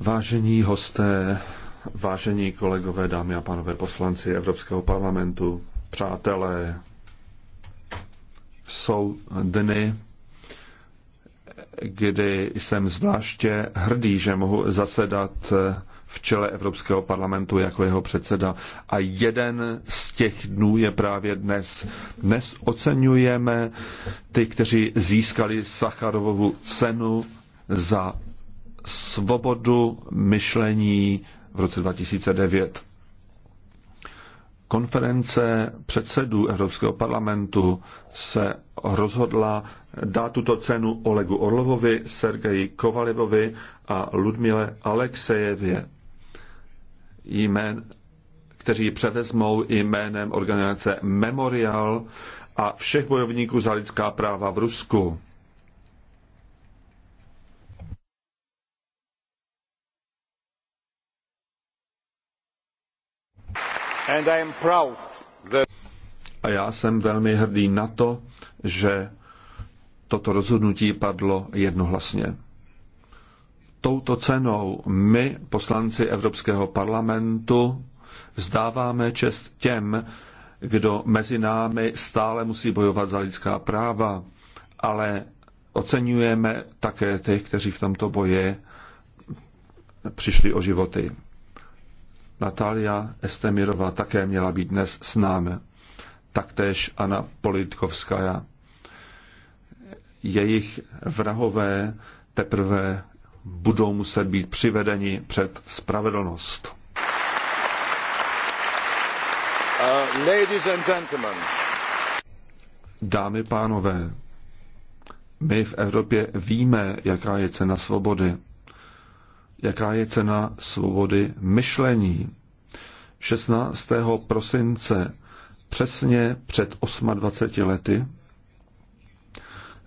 Vážení hosté, vážení kolegové, dámy a pánové poslanci Evropského parlamentu, přátelé, jsou dny, kdy jsem zvláště hrdý, že mohu zasedat v čele Evropského parlamentu jako jeho předseda. A jeden z těch dnů je právě dnes. Dnes oceňujeme ty, kteří získali Sacharovovu cenu za svobodu myšlení v roce 2009. Konference předsedů Evropského parlamentu se rozhodla dát tuto cenu Olegu Orlovovi, Sergeji Kovalivovi a Ludmile Aleksejevě jmén, kteří převezmou jménem organizace Memorial a všech bojovníků za lidská práva v Rusku. And I am proud that... A já jsem velmi hrdý na to, že toto rozhodnutí padlo jednohlasně touto cenou my, poslanci Evropského parlamentu, zdáváme čest těm, kdo mezi námi stále musí bojovat za lidská práva, ale oceňujeme také ty, kteří v tomto boji přišli o životy. Natália Estemirová také měla být dnes s námi. Taktéž Anna Politkovská. Jejich vrahové teprve budou muset být přivedeni před spravedlnost. Uh, Dámy, pánové, my v Evropě víme, jaká je cena svobody. Jaká je cena svobody myšlení. 16. prosince, přesně před 28 lety,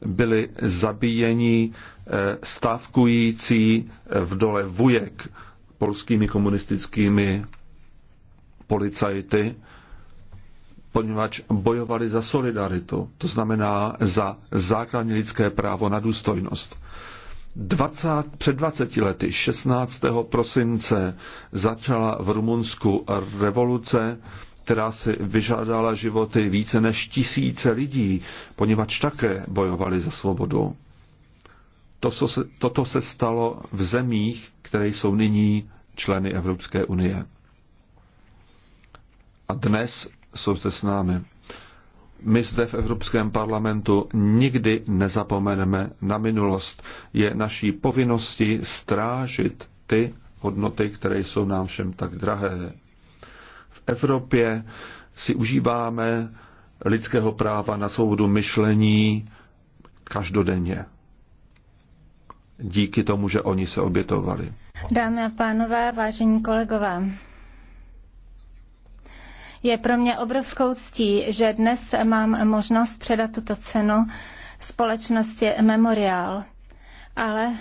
byli zabíjeni eh, stávkující eh, v dole Vujek polskými komunistickými policajty, poněvadž bojovali za solidaritu, to znamená za základní lidské právo na důstojnost. 20, před 20 lety, 16. prosince, začala v Rumunsku revoluce, která si vyžádala životy více než tisíce lidí, poněvadž také bojovali za svobodu. To, co se, toto se stalo v zemích, které jsou nyní členy Evropské unie. A dnes jsou zde s námi. My zde v Evropském parlamentu nikdy nezapomeneme na minulost. Je naší povinností strážit ty hodnoty, které jsou nám všem tak drahé v Evropě si užíváme lidského práva na svobodu myšlení každodenně. Díky tomu, že oni se obětovali. Dámy a pánové, vážení kolegové, je pro mě obrovskou ctí, že dnes mám možnost předat tuto cenu společnosti Memorial. Ale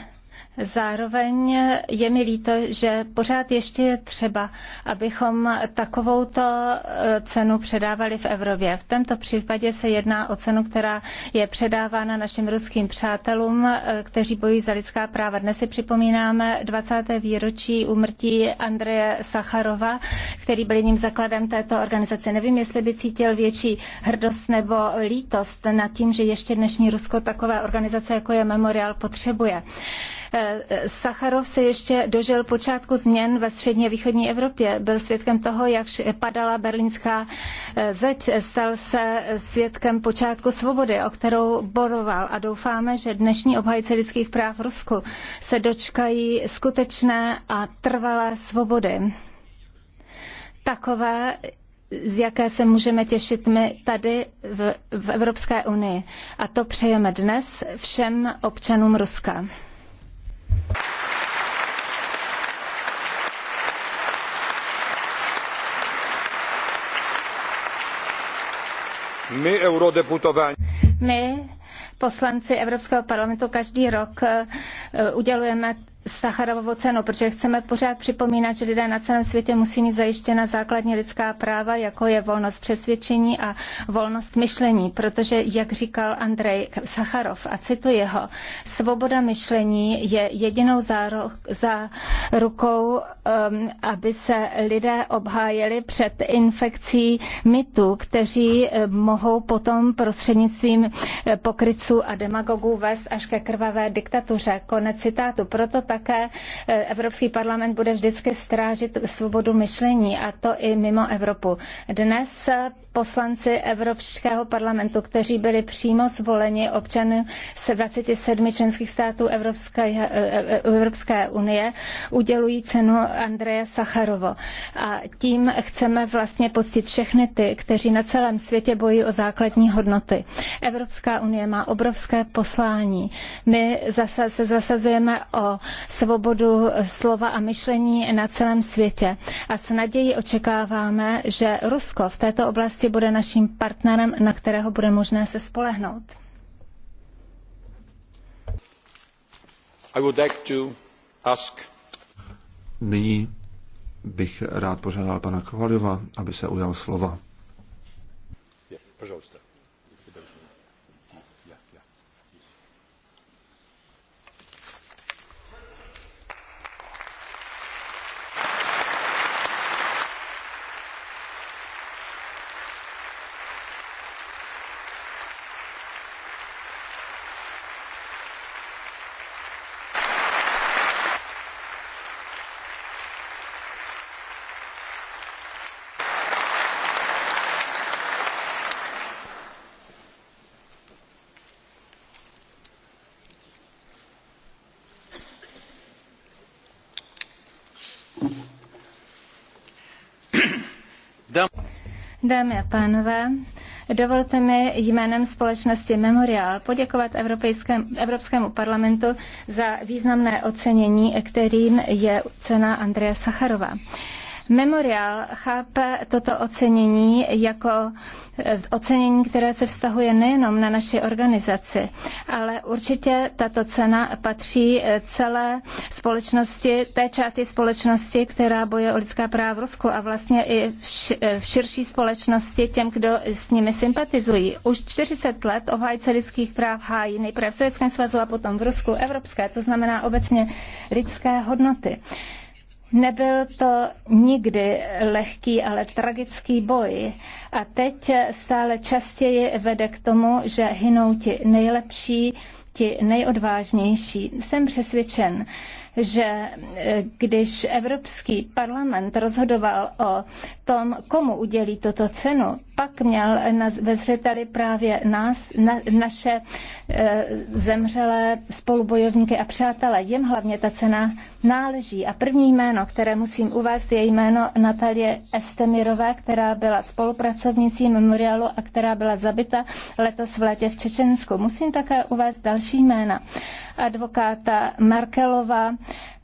Zároveň je mi líto, že pořád ještě je třeba, abychom takovouto eh, cenu předávali v Evropě. V tomto případě se jedná o cenu, která je předávána našim ruským přátelům, eh, kteří bojují za lidská práva. Dnes si připomínáme 20. výročí úmrtí Andreje Sacharova, který byl jedním zakladem této organizace. Nevím, jestli by cítil větší hrdost nebo lítost nad tím, že ještě dnešní Rusko takové organizace, jako je Memorial, potřebuje. Sacharov se ještě dožil počátku změn ve střední a východní Evropě. Byl svědkem toho, jak padala berlínská eh, zeď. Stal se svědkem počátku svobody, o kterou boroval a doufáme, že dnešní obhajci lidských práv v Rusku se dočkají skutečné a trvalé svobody. Takové, z jaké se můžeme těšit my tady v, v Evropské unii. A to přejeme dnes všem občanům Ruska. My, eurodeputovaní. My, poslanci Evropského parlamentu, každý rok eh, udělujeme Sacharovovo cenu, protože chceme pořád připomínat, že lidé na celém světě musí mít zajištěna základní lidská práva, jako je volnost přesvědčení a volnost myšlení, protože, jak říkal Andrej Sacharov, a cituji ho, svoboda myšlení je jedinou zárukou, za rukou, um, aby se lidé obhájili před infekcí mytů, kteří um, mohou potom prostřednictvím eh, pokryců a demagogů vést až ke krvavé diktatuře. Konec citátu. Proto také eh, Evropský parlament bude vždycky strážit svobodu myšlení a to i mimo Evropu. Dnes eh, poslanci Evropského parlamentu, kteří byli přímo zvoleni občany 27 členských států Evropské, eh, eh, Evropské unie, udělují cenu Andreje Sacharovo. A tím chceme vlastně poctit všechny ty, kteří na celém světě bojují o základní hodnoty. Evropská unie má obrovské poslání. My se zasazujeme o svobodu slova a myšlení na celém světě. A s nadějí očekáváme, že Rusko v této oblasti jistě prostě bude naším partnerem, na kterého bude možné se spolehnout. I would like to ask... Nyní bych rád požádal pana Kovaljova, aby se ujal slova. Yeah, Dámy a pánové, dovolte mi jménem společnosti Memorial poděkovat Evropskému, Evropskému parlamentu za významné ocenění, kterým je cena Andreje Sacharova. Memorial chápe toto ocenění jako eh, ocenění, které se vztahuje nejenom na naši organizaci, ale určitě tato cena patří eh, celé společnosti, té části společnosti, která boje o lidská práva v Rusku a vlastně i v eh, širší společnosti těm, kdo s nimi sympatizují. Už 40 let obhájce lidských práv hájí nejprve v Sovětském svazu a potom v Rusku evropské, to znamená obecně lidské hodnoty. Nebyl to nikdy lehký, ale tragický boj. A teď stále častěji vede k tomu, že hynou ti nejlepší, ti nejodvážnější. Jsem přesvědčen, že eh, když Evropský parlament rozhodoval o tom, komu udělí tuto cenu, pak měl ve zřeteli právě nás, na, naše e, zemřelé spolubojovníky a přátelé. Jim hlavně ta cena náleží. A první jméno, které musím uvést, je jméno Natalie Estemirové, která byla spolupracovnicí memoriálu a která byla zabita letos v létě v Čečensku. Musím také uvést další jména. Advokáta Markelova,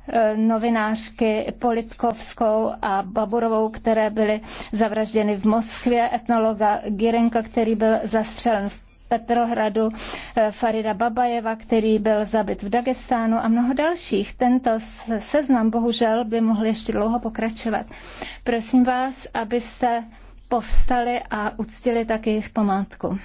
Eh, novinářky Politkovskou a Baburovou, které byly zavražděny v Moskvě, etnologa Girenka, který byl zastřelen v Petrohradu, eh, Farida Babajeva, který byl zabit v Dagestánu a mnoho dalších. Tento seznam bohužel by mohl ještě dlouho pokračovat. Prosím vás, abyste povstali a uctili tak jejich památku.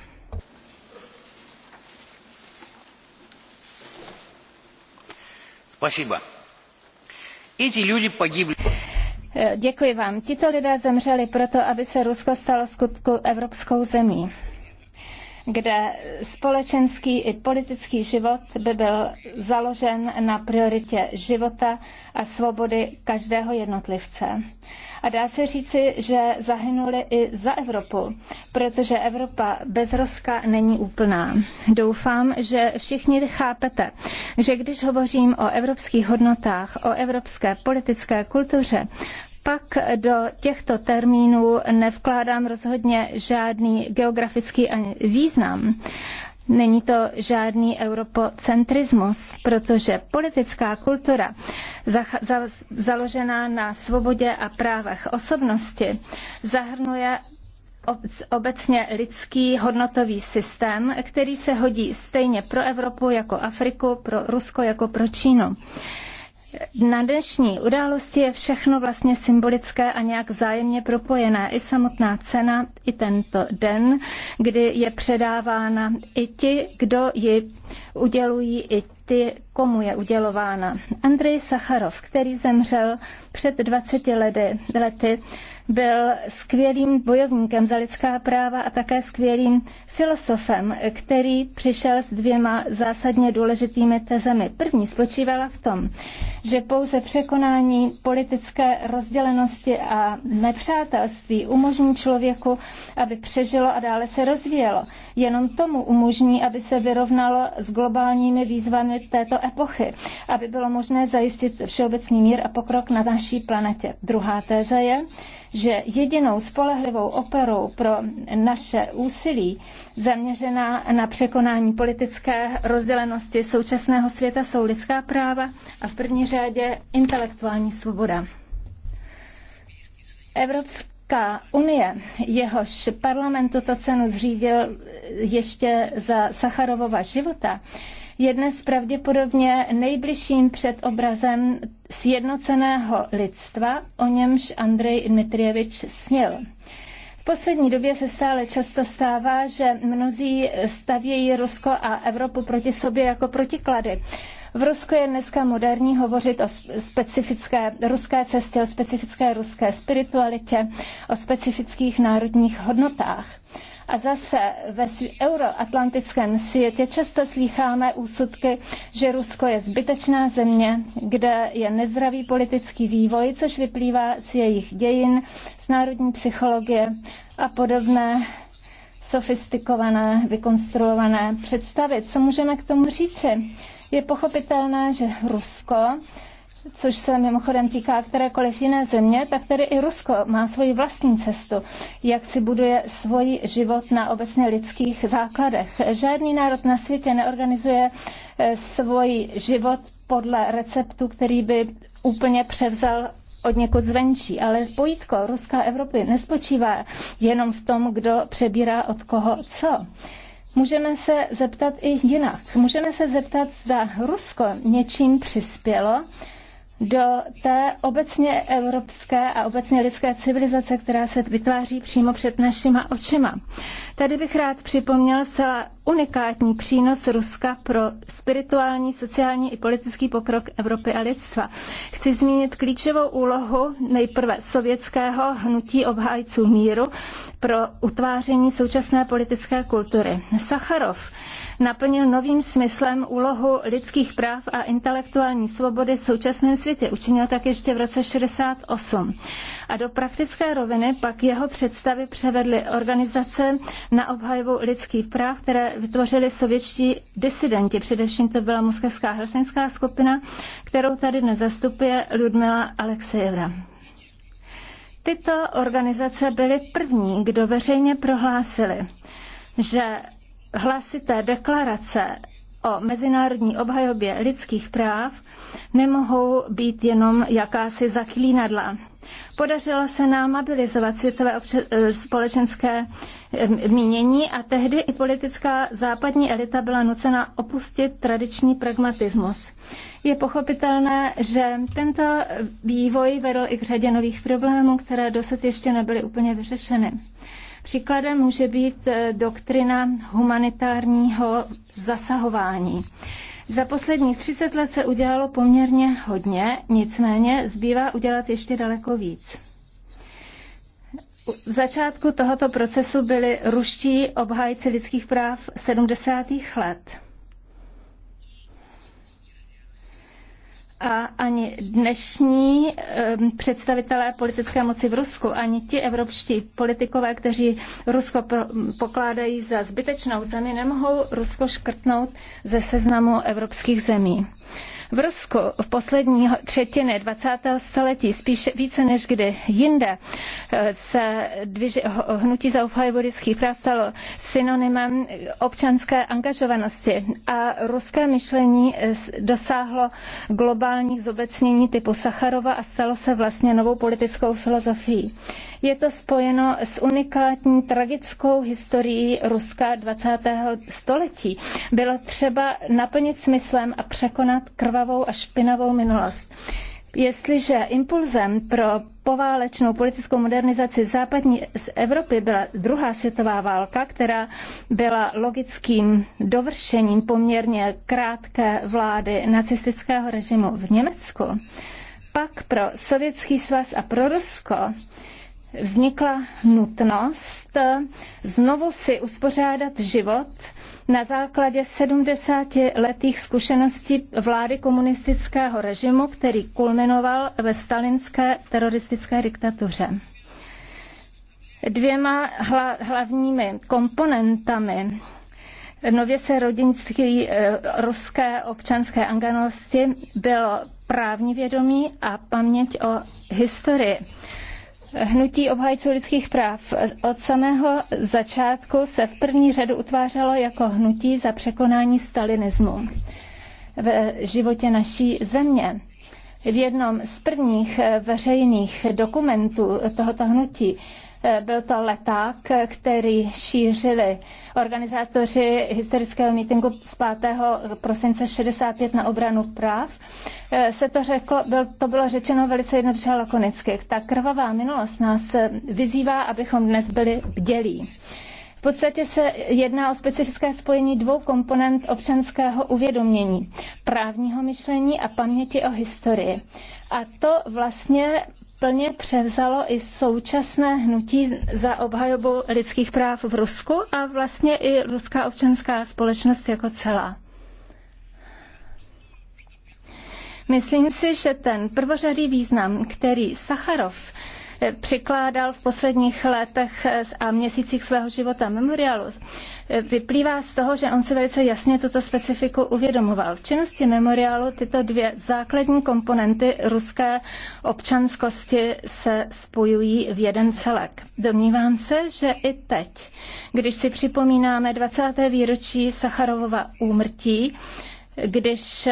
Děkuji vám. Tito lidé zemřeli proto, aby se Rusko stalo skutku evropskou zemí kde společenský i politický život by byl založen na prioritě života a svobody každého jednotlivce. A dá se říci, že zahynuli i za Evropu, protože Evropa bez Ruska není úplná. Doufám, že všichni chápete, že když hovořím o evropských hodnotách, o evropské politické kultuře, pak do těchto termínů nevkládám rozhodně žádný geografický význam. Není to žádný europocentrismus, protože politická kultura za, za, založená na svobodě a právech osobnosti zahrnuje obecně lidský hodnotový systém, který se hodí stejně pro Evropu jako Afriku, pro Rusko jako pro Čínu na dnešní události je všechno vlastně symbolické a nějak vzájemně propojené. I samotná cena, i tento den, kdy je předávána i ti, kdo ji udělují, i ty, komu je udělována. Andrej Sacharov, který zemřel před 20 lety, lety, byl skvělým bojovníkem za lidská práva a také skvělým filosofem, který přišel s dvěma zásadně důležitými tezemi. První spočívala v tom, že pouze překonání politické rozdělenosti a nepřátelství umožní člověku, aby přežilo a dále se rozvíjelo. Jenom tomu umožní, aby se vyrovnalo s globálními výzvami uprostřed této epochy, aby bylo možné zajistit všeobecný mír a pokrok na naší planetě. Druhá téze je, že jedinou spolehlivou operou pro naše úsilí zaměřená na překonání politické rozdělenosti současného světa jsou lidská práva a v první řadě intelektuální svoboda. Evropská unie, jehož parlament tuto cenu zřídil ještě za Sacharovova života, je dnes pravděpodobně nejbližším předobrazem sjednoceného lidstva, o němž Andrej Dmitrievič snil. V poslední době se stále často stává, že mnozí stavějí Rusko a Evropu proti sobě jako protiklady. V Rusku je dneska moderní hovořit o specifické ruské cestě, o specifické ruské spiritualitě, o specifických národních hodnotách. A zase ve euroatlantickém světě často slýcháme úsudky, že Rusko je zbytečná země, kde je nezdravý politický vývoj, což vyplývá z jejich dějin, z národní psychologie a podobné sofistikované, vykonstruované představy. Co můžeme k tomu říci? Je pochopitelné, že Rusko což se mimochodem týká kterékoliv jiné země, tak tedy i Rusko má svoji vlastní cestu, jak si buduje svůj život na obecně lidských základech. Žádný národ na světě neorganizuje eh, svůj život podle receptu, který by úplně převzal od někud zvenčí. Ale spojitko Ruska Evropy nespočívá jenom v tom, kdo přebírá od koho co. Můžeme se zeptat i jinak. Můžeme se zeptat, zda Rusko něčím přispělo do té obecně evropské a obecně lidské civilizace, která se vytváří přímo před našima očima. Tady bych rád připomněl zcela unikátní přínos Ruska pro spirituální, sociální i politický pokrok Evropy a lidstva. Chci zmínit klíčovou úlohu nejprve sovětského hnutí obhájců míru pro utváření současné politické kultury. Sacharov naplnil novým smyslem úlohu lidských práv a intelektuální svobody v současném světě. Učinil tak ještě v roce 68. A do praktické roviny pak jeho představy převedly organizace na obhajbu lidských práv, které vytvořili sovětští disidenti. Především to byla moskevská hlasinská skupina, kterou tady nezastupuje Ludmila Alexejeva. Tyto organizace byly první, kdo veřejně prohlásili, že hlasité deklarace o mezinárodní obhajobě lidských práv nemohou být jenom jakási zaklínadla. Podařilo se nám mobilizovat světové obče- eh, společenské eh, mínění a tehdy i politická západní elita byla nucena opustit tradiční pragmatismus. Je pochopitelné, že tento vývoj vedl i k řadě nových problémů, které dosud ještě nebyly úplně vyřešeny. Příkladem může být eh, doktrina humanitárního zasahování. Za posledních 30 let se udělalo poměrně hodně, nicméně zbývá udělat ještě daleko víc. V začátku tohoto procesu byli ruští obhájci lidských práv 70. let. a ani dnešní představitelé politické moci v Rusku, ani ti evropští politikové, kteří Rusko pokládají za zbytečnou zemi, nemohou Rusko škrtnout ze seznamu evropských zemí. V Rusku v poslední třetině 20. století spíše více než kdy jinde eh, se dviži, hnutí za obhajobu lidských práv stalo synonymem občanské angažovanosti a ruské myšlení eh, dosáhlo globálních zobecnění typu Sacharova a stalo se vlastně novou politickou filozofií. Je to spojeno s unikátní tragickou historií Ruska 20. století. Bylo třeba naplnit smyslem a překonat krvavou a špinavou minulost. Jestliže impulzem pro poválečnou politickou modernizaci západní z Evropy byla druhá světová válka, která byla logickým dovršením poměrně krátké vlády nacistického režimu v Německu, pak pro Sovětský svaz a pro Rusko vznikla nutnost znovu si uspořádat život na základě 70 letých zkušeností vlády komunistického režimu, který kulminoval ve stalinské teroristické diktatuře. Dvěma hla, hlavními komponentami nově se rodinské eh, ruské občanské angažovanosti bylo právní vědomí a paměť o historii. Hnutí obhajců lidských práv od samého začátku se v první řadu utvářelo jako hnutí za překonání stalinismu v životě naší země. V jednom z prvních veřejných dokumentů tohoto hnutí Eh, byl to leták, který šířili organizátoři historického mítinku z 5. prosince 65 na obranu práv. Eh, se to, řeklo, byl, to bylo řečeno velice jednoduše lakonicky. Ta krvavá minulost nás eh, vyzývá, abychom dnes byli bdělí. V podstatě se jedná o specifické spojení dvou komponent občanského uvědomění, právního myšlení a paměti o historii. A to vlastně plně převzalo i současné hnutí za obhajobu lidských práv v Rusku a vlastně i ruská občanská společnost jako celá. Myslím si, že ten prvořadý význam, který Sacharov přikládal v posledních letech a měsících svého života memoriálu, vyplývá z toho, že on si velice jasně toto specifiku uvědomoval. V činnosti memoriálu tyto dvě základní komponenty ruské občanskosti se spojují v jeden celek. Domnívám se, že i teď, když si připomínáme 20. výročí Sacharovova úmrtí, když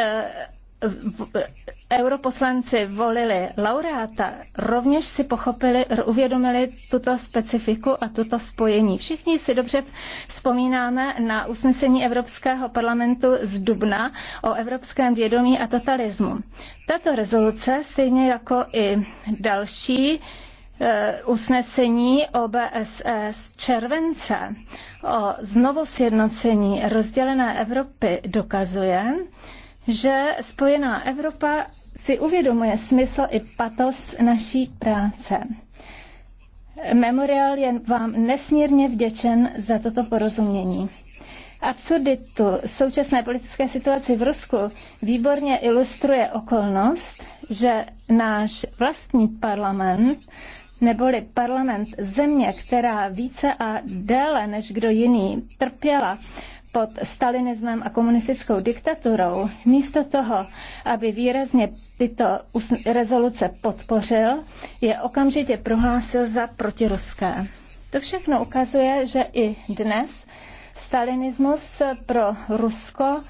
europoslanci volili laureáta, rovněž si pochopili, uvědomili tuto specifiku a tuto spojení. Všichni si dobře vzpomínáme na usnesení Evropského parlamentu z Dubna o evropském vědomí a totalismu. Tato rezoluce, stejně jako i další, e, usnesení OBSE z července o znovu sjednocení rozdělené Evropy dokazuje, že spojená Evropa si uvědomuje smysl i patos naší práce. Memorial je vám nesmírně vděčen za toto porozumění. Absurditu současné politické situace v Rusku výborně ilustruje okolnost, že náš vlastní parlament, neboli parlament země, která více a déle než kdo jiný trpěla pod stalinismem a komunistickou diktaturou, místo toho, aby výrazně tyto rezoluce podpořil, je okamžitě prohlásil za protiruské. To všechno ukazuje, že i dnes stalinismus pro Rusko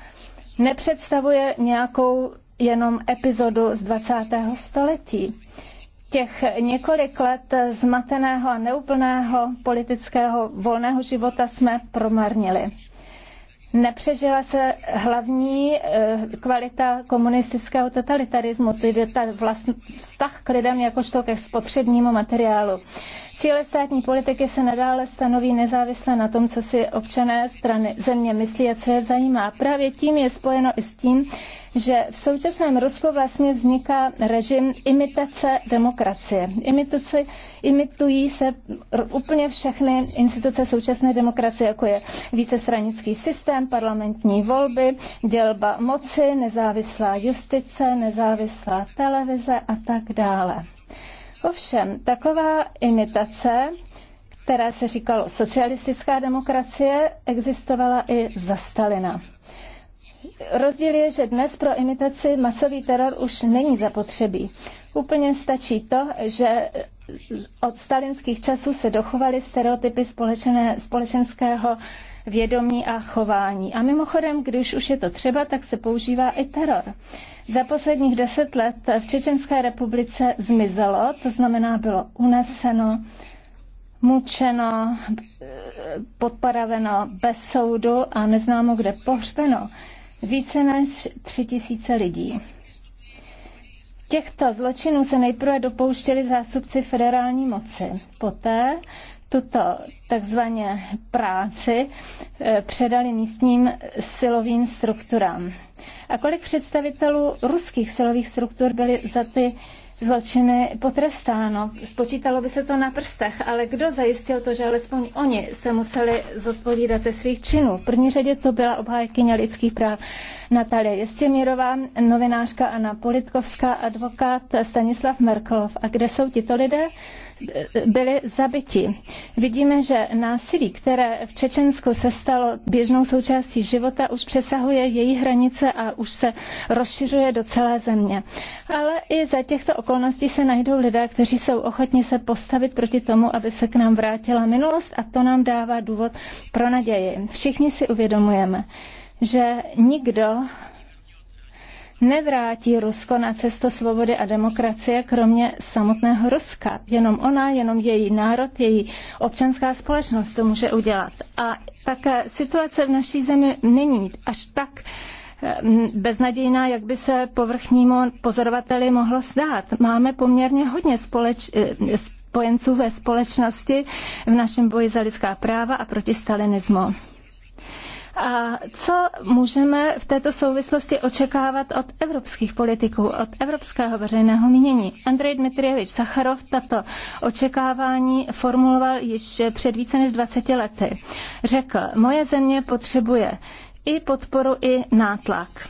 nepředstavuje nějakou jenom epizodu z 20. století. Těch několik let zmateného a neúplného politického volného života jsme promarnili nepřežila se hlavní eh, kvalita komunistického totalitarismu, tedy ta vlast, vztah k lidem jakožto ke spotřebnímu materiálu. Cíle státní politiky se nadále stanoví nezávisle na tom, co si občané strany země myslí a co je zajímá. Právě tím je spojeno i s tím, že v současném Rusku vlastně vzniká režim imitace demokracie. Imituci, imitují se úplně všechny instituce současné demokracie, jako je vícestranický systém, parlamentní volby, dělba moci, nezávislá justice, nezávislá televize a tak dále. Ovšem, taková imitace, která se říkalo socialistická demokracie, existovala i za Stalina. Rozdíl je, že dnes pro imitaci masový teror už není zapotřebí. Úplně stačí to, že od stalinských časů se dochovaly stereotypy společené, společenského vědomí a chování. A mimochodem, když už je to třeba, tak se používá i teror. Za posledních deset let v Čečenské republice zmizelo, to znamená bylo uneseno, mučeno, podparaveno bez soudu a neznámo kde pohřbeno více než tři tisíce lidí. Těchto zločinů se nejprve dopouštěli zástupci federální moci. Poté tuto takzvaně práci e, předali místním silovým strukturám. A kolik představitelů ruských silových struktur byli za ty zločiny potrestáno. Spočítalo by se to na prstech, ale kdo zajistil to, že alespoň oni se museli zodpovídat ze svých činů? V první řadě to byla obhájkyně lidských práv Natalia Jestěmírová, novinářka Anna Politkovská, advokát Stanislav Merklov. A kde jsou tito lidé? byli zabiti. Vidíme, že násilí, které v Čečensku se stalo běžnou součástí života, už přesahuje její hranice a už se rozšiřuje do celé země. Ale i za těchto okolností se najdou lidé, kteří jsou ochotni se postavit proti tomu, aby se k nám vrátila minulost a to nám dává důvod pro naději. Všichni si uvědomujeme, že nikdo nevrátí Rusko na cestu svobody a demokracie, kromě samotného Ruska. Jenom ona, jenom její národ, její občanská společnost to může udělat. A tak situace v naší zemi není až tak eh, beznadějná, jak by se povrchnímu pozorovateli mohlo zdát. Máme poměrně hodně společ, eh, spojenců ve společnosti v našem boji za lidská práva a proti stalinismu. A co můžeme v této souvislosti očekávat od evropských politiků, od evropského veřejného mínění? Andrej Dmitrievič Sacharov tato očekávání formuloval již před více než 20 lety. Řekl, moje země potřebuje i podporu, i nátlak.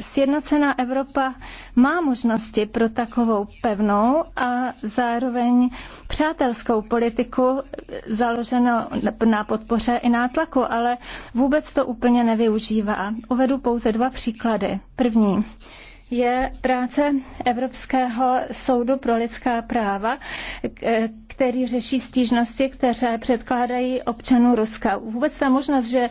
Sjednocená Evropa má možnosti pro takovou pevnou a zároveň přátelskou politiku založenou na podpoře i nátlaku, ale vůbec to úplně nevyužívá. Uvedu pouze dva příklady. První je práce Evropského soudu pro lidská práva, který řeší stížnosti, které předkládají občanů Ruska. Vůbec ta možnost, že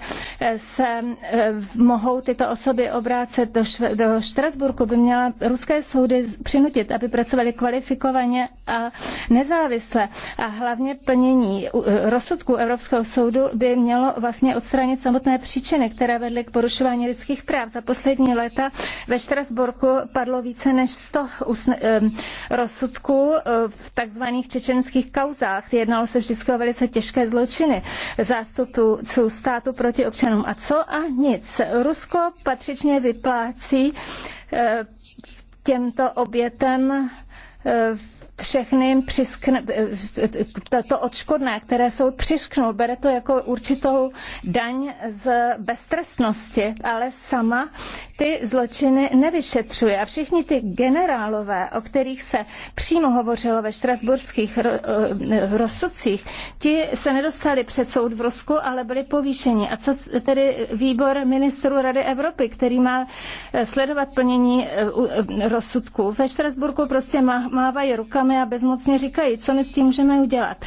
se eh, mohou tyto osoby obrácet do, Šv- do Štrasburku, by měla ruské soudy přinutit, aby pracovali kvalifikovaně a nezávisle. A hlavně plnění eh, rozsudku Evropského soudu by mělo vlastně odstranit samotné příčiny, které vedly k porušování lidských práv. Za poslední léta ve Štrasburku padlo více než 100 rozsudků eh, v takzvaných čečenských kauzách. Jednalo se vždycky o velice těžké zločiny zástupců státu proti občanům. A co? A nic. Rusko patřičně vyplácí eh, těmto obětem eh, všechny přiskne, eh, to odškodné, které jsou přišknul, bere to jako určitou daň z beztrestnosti, ale sama ty zločiny nevyšetřuje. A všichni ty generálové, o kterých se přímo hovořilo ve štrasburských eh, rozsudcích, ti se nedostali před soud v Rusku, ale byli povýšeni. A co tedy výbor ministrů Rady Evropy, který má eh, sledovat plnění rozsudků? Ve Štrasburku prostě mávají ruka sami a bezmocně říkají, co my s tím můžeme udělat.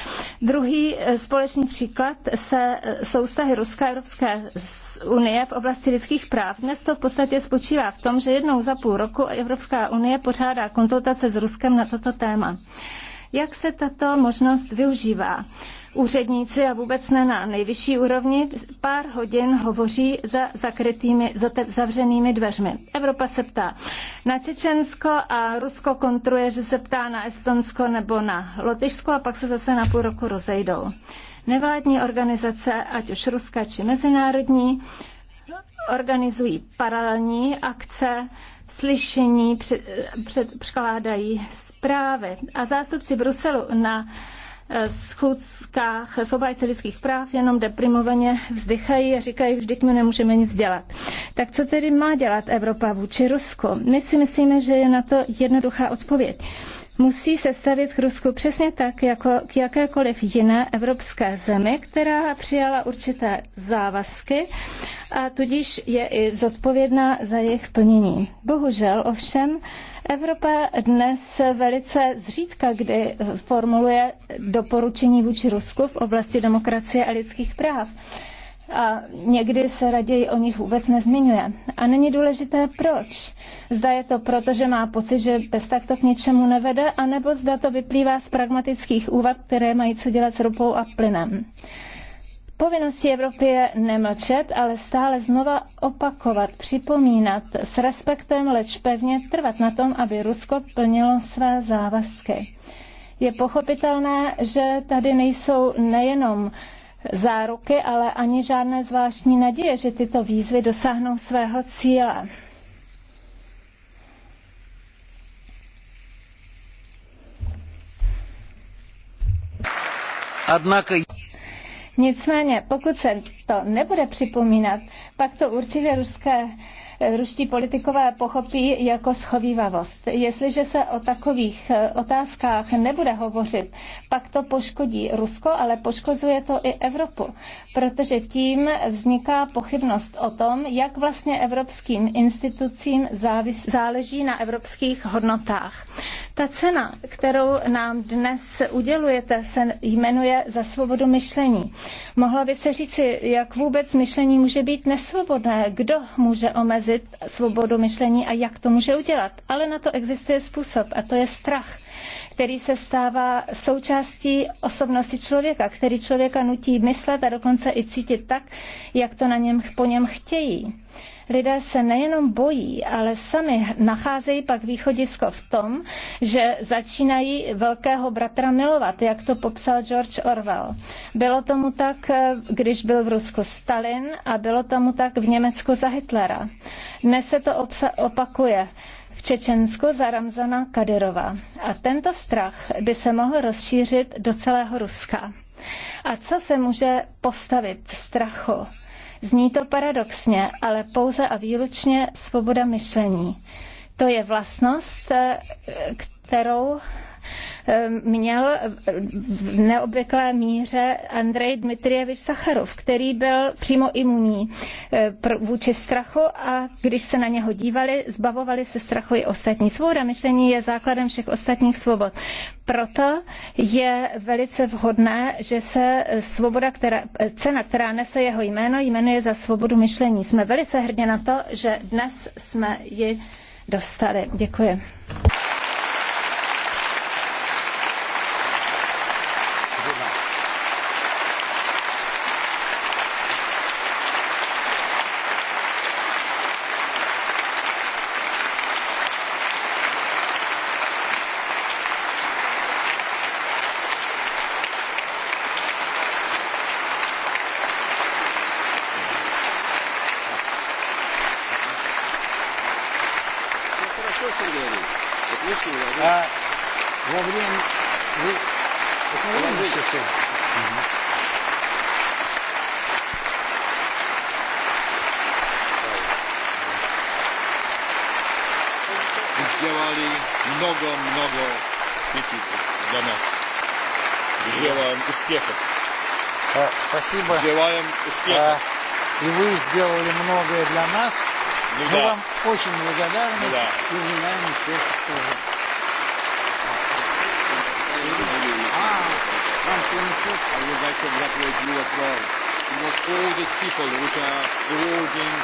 Druhý eh, společný příklad se, eh, soustahy Ruska a Evropské unie v oblasti lidských práv. Dnes to v podstatě spočívá v tom, že jednou za půl roku Evropská unie pořádá konzultace s Ruskem na toto téma. Jak se tato možnost využívá? úředníci a vůbec ne na nejvyšší úrovni pár hodin hovoří za zakrytými, za zavřenými dveřmi. Evropa se ptá na Čečensko a Rusko kontruje, že se ptá na Estonsko nebo na Lotyšsko a pak se zase na půl roku rozejdou. Nevládní organizace, ať už ruská či mezinárodní, organizují paralelní akce, slyšení, před, před, předkládají zprávy. A zástupci Bruselu na schůzkách s obhájci lidských práv jenom deprimovaně vzdychají a říkají, vždyť my nemůžeme nic dělat. Tak co tedy má dělat Evropa vůči Rusku? My si myslíme, že je na to jednoduchá odpověď musí se stavit k Rusku přesně tak, jako k jakékoliv jiné evropské zemi, která přijala určité závazky a tudíž je i zodpovědná za jejich plnění. Bohužel ovšem Evropa dnes velice zřídka, kdy formuluje doporučení vůči Rusku v oblasti demokracie a lidských práv a někdy se raději o nich vůbec nezmiňuje. A není důležité proč. Zda je to proto, že má pocit, že bez takto k ničemu nevede, anebo zda to vyplývá z pragmatických úvah, které mají co dělat s ropou a plynem. Povinností Evropy je nemlčet, ale stále znova opakovat, připomínat s respektem, leč pevně trvat na tom, aby Rusko plnilo své závazky. Je pochopitelné, že tady nejsou nejenom uh, záruky, ale ani žádné zvláštní naděje, že tyto výzvy dosáhnou svého cíle. Однако... Nicméně, pokud se to nebude připomínat, pak to určitě ruské ruští politikové pochopí jako schovývavost. Jestliže se o takových eh, otázkách nebude hovořit, pak to poškodí Rusko, ale poškozuje to i Evropu, protože tím vzniká pochybnost o tom, jak vlastně evropským institucím závis, záleží na evropských hodnotách. Ta cena, kterou nám dnes udělujete, se jmenuje za svobodu myšlení. Mohla by se říci, jak vůbec myšlení může být nesvobodné, kdo může omezit omezit svobodu myšlení a jak to může udělat. Ale na to existuje způsob a to je strach který se stává součástí osobnosti člověka, který člověka nutí myslet a dokonce i cítit tak, jak to na něm, po něm chtějí. Lidé se nejenom bojí, ale sami nacházejí pak východisko v tom, že začínají velkého bratra milovat, jak to popsal George Orwell. Bylo tomu tak, eh, když byl v Rusku Stalin a bylo tomu tak v Německu za Hitlera. Dnes se to opakuje v Čečensku za Ramzana Kadyrova. A tento strach by se mohl rozšířit do celého Ruska. A co se může postavit strachu? Zní to paradoxně, ale pouze a výlučně svoboda myšlení. To je vlastnost, eh, kterou Eh, měl v neobvyklé míře Andrej Dmitrievič Sacharov, který byl přímo imunní eh, vůči strachu a když se na něho dívali, zbavovali se strachu i ostatní. Svoboda myšlení je základem všech ostatních svobod. Proto je velice vhodné, že se eh, svoboda, která, cena, která nese jeho jméno, jmenuje za svobodu myšlení. Jsme velice hrdě na to, že dnes jsme ji dostali. Děkuji. спасибо. Желаем успехов. И вы сделали многое для нас. Ну, Мы да. вам очень благодарны ну, да. и желаем успехов тоже. А, вам принесут. I would like to congratulate you as well. It was all these people which are awarding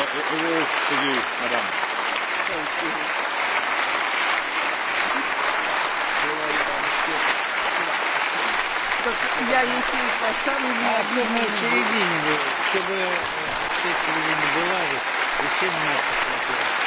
uh, awards to you, madam. Thank you. tak já ještě поставлю на... А где на середине, чтобы все середине была, и все меня посмотрели.